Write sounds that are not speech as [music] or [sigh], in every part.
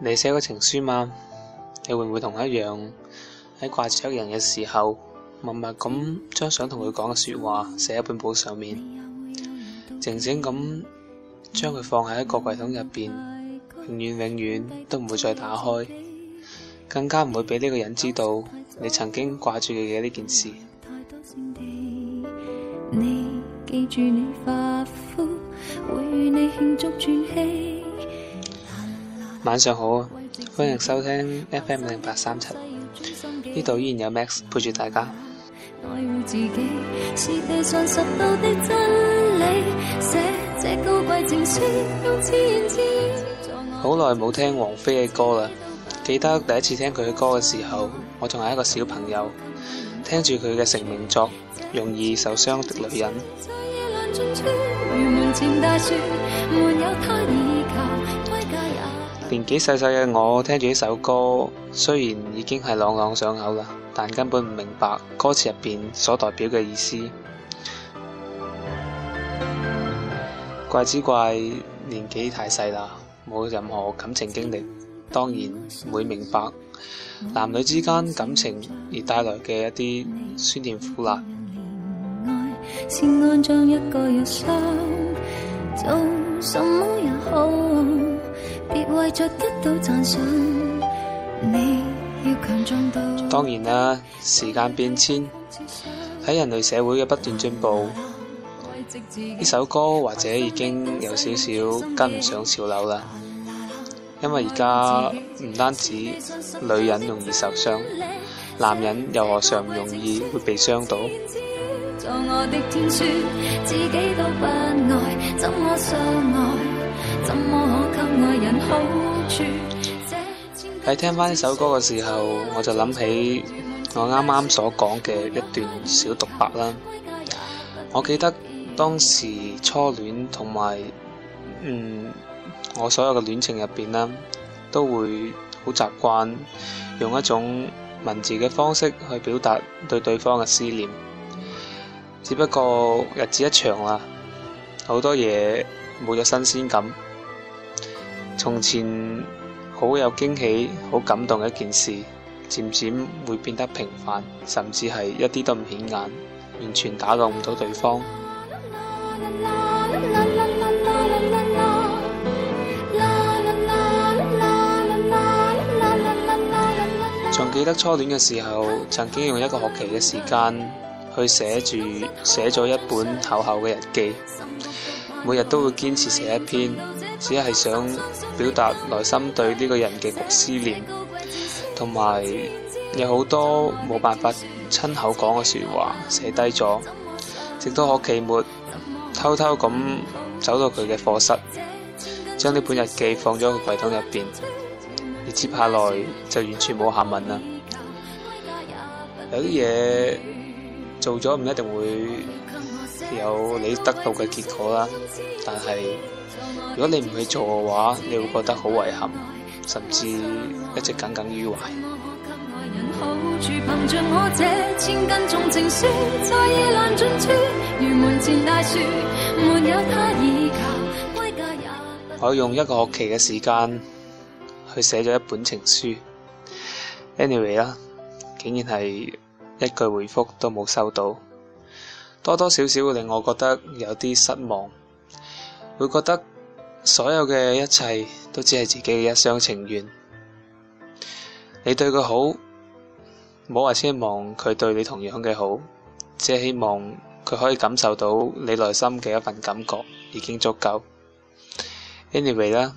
你寫過情書嗎？你會唔會同我一樣喺掛住一個人嘅時候，默默咁將想同佢講嘅説話寫喺本簿上面，靜靜咁將佢放喺一個櫃桶入邊，永遠永遠都唔會再打開，更加唔會俾呢個人知道你曾經掛住佢嘅呢件事。你記住你發福，會與你慶祝轉氣。晚上好，歡迎收聽 FM 零八三七，呢度依然有 Max 陪住大家。好耐冇聽王菲嘅歌啦，記得第一次聽佢嘅歌嘅時候，我仲係一個小朋友，聽住佢嘅成名作《容易受傷的女人》。年紀細細嘅我聽住呢首歌，雖然已經係朗朗上口啦，但根本唔明白歌詞入邊所代表嘅意思。怪只怪年紀太細啦，冇任何感情經歷，當然唔會明白男女之間感情而帶來嘅一啲酸甜苦辣。 [music] 嗯、當然啦，時間變遷，喺人類社會嘅不斷進步，呢首歌或者已經有少少跟唔上潮流啦。因為而家唔單止女人容易受傷，男人又何嘗唔容易會被傷到？喺聽翻呢首歌嘅時候，我就諗起我啱啱所講嘅一段小獨白啦。我記得當時初戀同埋嗯，我所有嘅戀情入邊啦，都會好習慣用一種文字嘅方式去表達對對方嘅思念。只不過日子一長啦，好多嘢冇咗新鮮感。從前好有驚喜、好感動嘅一件事，漸漸會變得平凡，甚至係一啲都唔顯眼，完全打動唔到對方。仲 [music] 記得初戀嘅時候，曾經用一個學期嘅時間去寫住，寫咗一本厚厚嘅日記，每日都會堅持寫一篇。只係想表達內心對呢個人嘅思念，同埋有好多冇辦法親口講嘅説話寫低咗。直到我期末偷偷咁走到佢嘅課室，將呢本日記放咗喺櫃桶入邊。你接下來就完全冇下文啦。有啲嘢做咗唔一定會有你得到嘅結果啦，但係如果你唔去做嘅話，你會覺得好遺憾，甚至一直耿耿於懷。我用一個學期嘅時間去寫咗一本情書，Anyway 啦，竟然係一句回覆都冇收到，多多少少令我覺得有啲失望。會覺得所有嘅一切都只係自己嘅一廂情願。你對佢好，冇話奢望佢對你同樣嘅好，只係希望佢可以感受到你內心嘅一份感覺已經足夠。Anyway 啦，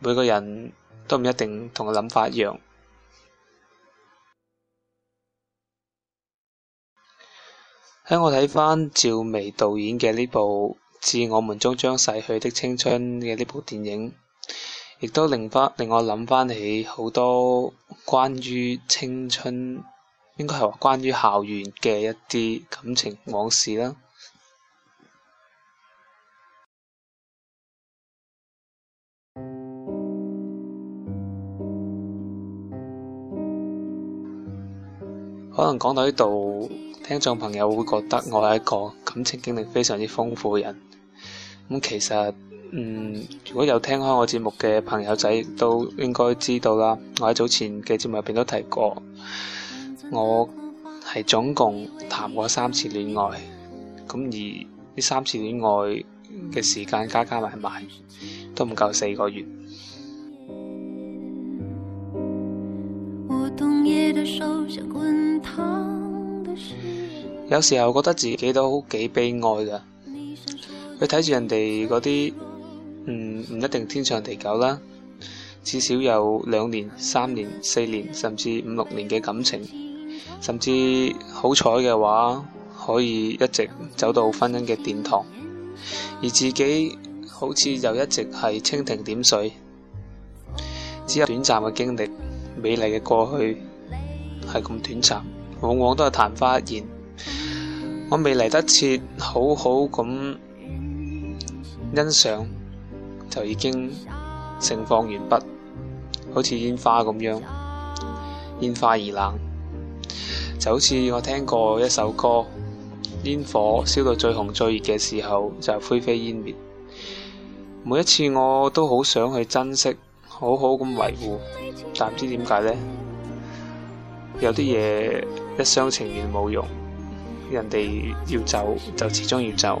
每個人都唔一定同佢諗法一樣。喺我睇翻趙薇導演嘅呢部致我們終將逝去的青春嘅呢部電影，亦都令翻令我諗翻起好多關於青春，應該係話關於校園嘅一啲感情往事啦。 [noise] 可能講到呢度，聽眾朋友會覺得我係一個感情經歷非常之豐富嘅人。咁其實，嗯，如果有聽開我節目嘅朋友仔，都應該知道啦。我喺早前嘅節目入面都提過，我係總共談過三次戀愛。咁而呢三次戀愛嘅時間加加埋埋，都唔夠四個月。嗯、有時候覺得自己都幾悲哀㗎。佢睇住人哋嗰啲，唔、嗯、唔一定天長地久啦。至少有兩年、三年、四年，甚至五六年嘅感情，甚至好彩嘅話可以一直走到婚姻嘅殿堂。而自己好似又一直係蜻蜓點水，只有短暫嘅經歷，美麗嘅過去係咁短暫，往往都係曇花一現。我未嚟得切，好好咁欣賞就已經盛放完畢，好似煙花咁樣，煙花易冷，就好似我聽過一首歌，煙火燒到最紅最熱嘅時候就灰飛煙滅。每一次我都好想去珍惜，好好咁維護，但唔知點解呢，有啲嘢一廂情願冇用，人哋要走就始終要走。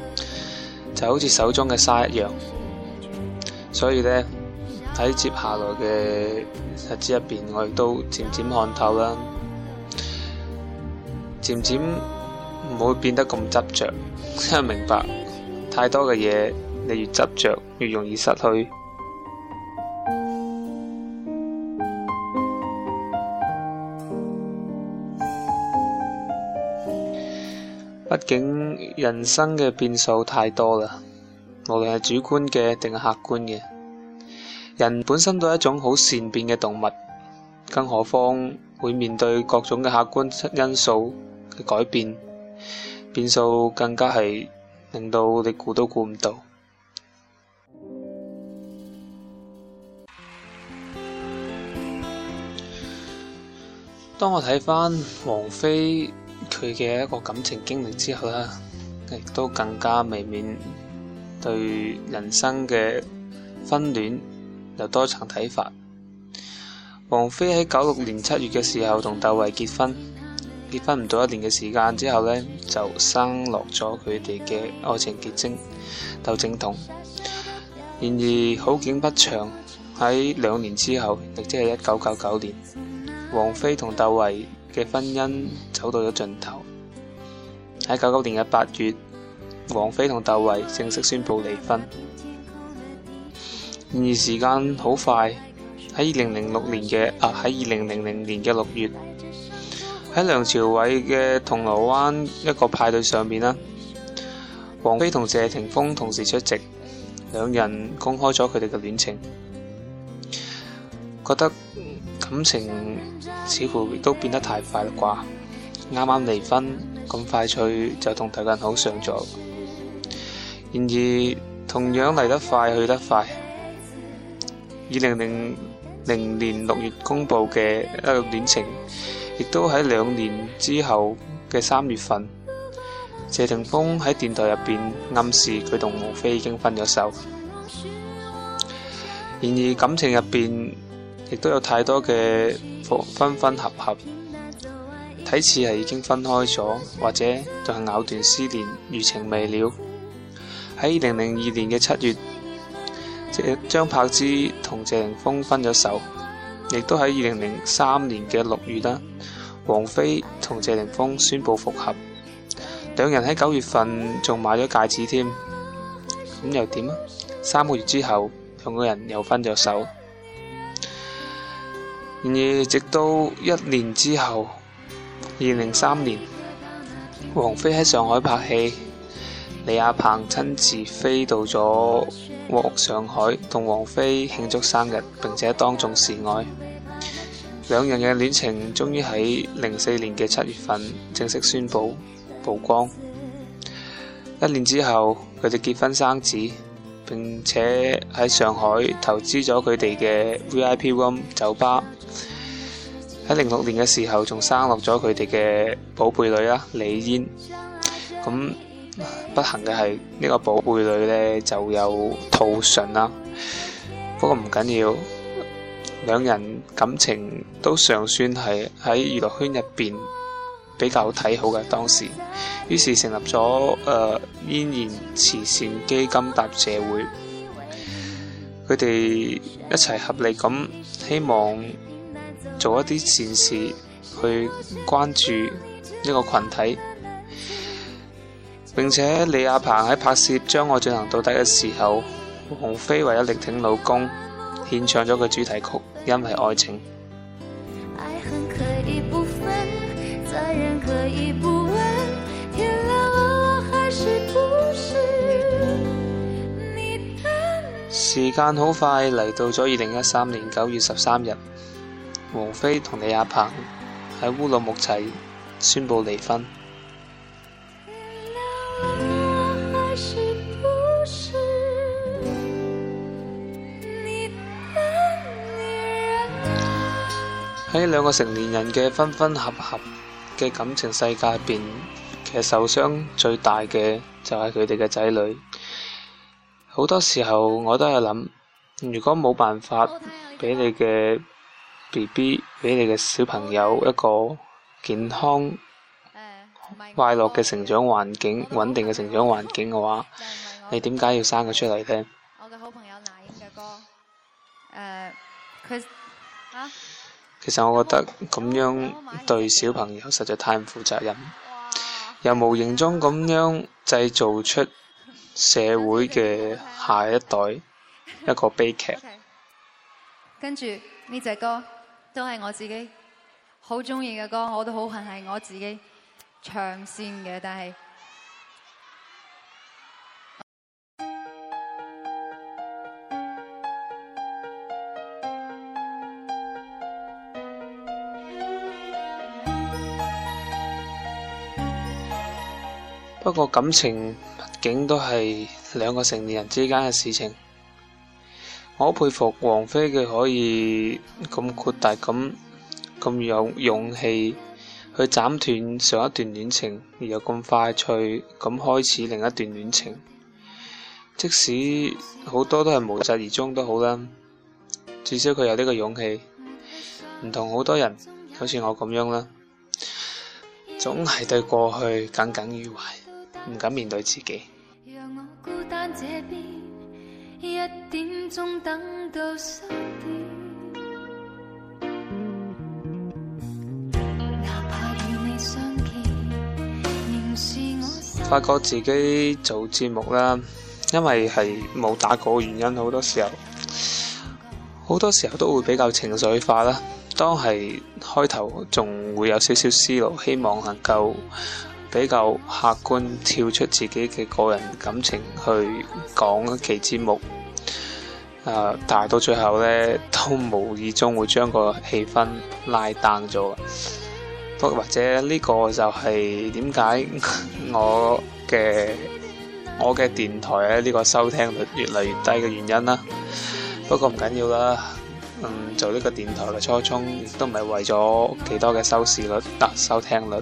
就好似手中嘅沙一樣，所以呢，喺接下來嘅日子入面，我亦都漸漸看透啦，漸漸唔會變得咁執着，因為明白太多嘅嘢，你越執着，越容易失去。畢竟人生嘅變數太多啦，無論係主觀嘅定係客觀嘅，人本身都係一種好善變嘅動物，更何況會面對各種嘅客觀因素嘅改變，變數更加係令到你估都估唔到。當我睇返王菲佢嘅一個感情經歷之後啦，亦都更加未免對人生嘅婚戀有多層睇法。王菲喺九六年七月嘅時候同竇唯結婚，結婚唔到一年嘅時間之後呢，就生落咗佢哋嘅愛情結晶竇靖童。然而好景不長，喺兩年之後，亦即係一九九九年，王菲同竇唯。嘅婚姻走到咗盡頭，喺九九年嘅八月，王菲同竇唯正式宣布離婚。然而時間好快，喺二零零六年嘅啊，喺二零零零年嘅六月，喺梁朝偉嘅銅鑼灣一個派對上面啦，王菲同謝霆鋒同時出席，兩人公開咗佢哋嘅戀情，覺得。感情似乎亦都變得太快嘞啩，啱啱離婚咁快脆就同第個人好上咗。然而同樣嚟得快去得快，二零零零年六月公佈嘅一個戀情，亦都喺兩年之後嘅三月份，謝霆鋒喺電台入邊暗示佢同王菲已經分咗手。然而感情入邊，亦都有太多嘅分分合合，睇似係已經分開咗，或者就係藕斷絲連，餘情未了。喺二零零二年嘅七月，張柏芝同謝霆鋒分咗手，亦都喺二零零三年嘅六月啦。王菲同謝霆鋒宣布復合，兩人喺九月份仲買咗戒指添，咁又點啊？三個月之後，兩個人又分咗手。然而，直到一年之後，二零零三年，王菲喺上海拍戲，李亞鵬親自飛到咗上海同王菲慶祝生日，並且當眾示愛。兩人嘅戀情終於喺零四年嘅七月份正式宣布曝光。一年之後，佢哋結婚生子，並且喺上海投資咗佢哋嘅 VIP Room 酒吧。喺零六年嘅時候，仲生落咗佢哋嘅寶貝女啦，李嫣。咁不幸嘅係呢個寶貝女呢就有兔唇啦。不過唔緊要，兩人感情都尚算係喺娛樂圈入邊比較睇好嘅當時。於是成立咗誒嫣然慈善基金答謝會，佢哋一齊合力咁希望。做一啲善事，去關注一個群體，並且李亞鵬喺拍攝將我進行到底嘅時候，王菲為咗力挺老公，獻唱咗個主題曲《因為愛情》愛。是是時間好快嚟到咗二零一三年九月十三日。王菲同李亞鵬喺烏魯木齊宣布離婚。喺 [music] 兩個成年人嘅分分合合嘅感情世界入邊，其實受傷最大嘅就係佢哋嘅仔女。好多時候我都係諗，如果冇辦法畀你嘅。BB 俾你嘅小朋友一個健康、快樂嘅成長環境，穩定嘅成長環境嘅話，你點解要生佢出嚟聽？我嘅好朋友那英嘅歌，誒，佢啊，其實我覺得咁樣對小朋友實在太唔負責任，又無形中咁樣製造出社會嘅下一代一個悲劇。跟住呢隻歌。都係我自己好鍾意嘅歌，我都好恨係我自己唱先嘅，但係不過感情畢竟都係兩個成年人之間嘅事情。我佩服王菲，佢可以咁豁達，咁咁有勇氣去斬斷上一段戀情，而又咁快脆咁開始另一段戀情。即使好多都係無疾而終都好啦，至少佢有呢個勇氣，唔同好多人，好似我咁樣啦，總係對過去耿耿於懷，唔敢面對自己。一點鐘等到發覺自己做節目啦，因為係冇打稿嘅原因，好多時候，好多時候都會比較情緒化啦。當係開頭仲會有少少思路，希望能夠，比較客觀，跳出自己嘅個人感情去講一期節目，啊！但係到最後咧，都無意中會將個氣氛拉淡咗，或，或者呢個就係點解我嘅我嘅電台咧，呢個收聽率越嚟越低嘅原因啦。不過唔緊要啦，嗯，做呢個電台嘅初衷都唔係為咗幾多嘅收視率、收聽率。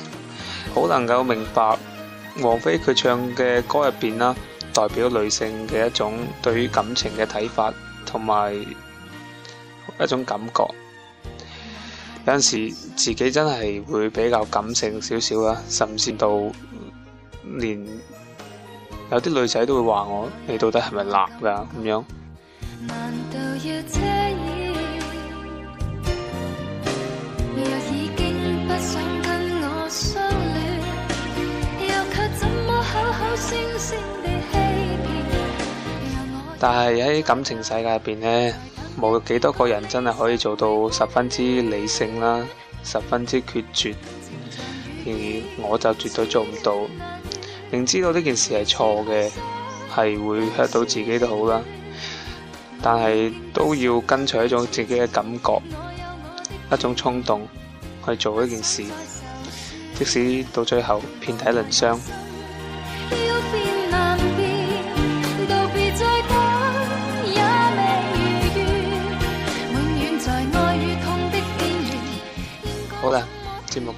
好能夠明白，王菲佢唱嘅歌入邊啦，代表女性嘅一種對於感情嘅睇法，同埋一種感覺。有陣時自己真係會比較感性少少啦，甚至到連有啲女仔都會話我，你到底係咪男㗎咁樣？但係喺感情世界入邊呢，冇幾多個人真係可以做到十分之理性啦，十分之決絕。然而我就絕對做唔到，明知道呢件事係錯嘅，係會 hurt 到自己都好啦。但係都要跟隨一種自己嘅感覺，一種衝動去做一件事，即使到最後遍體鱗傷。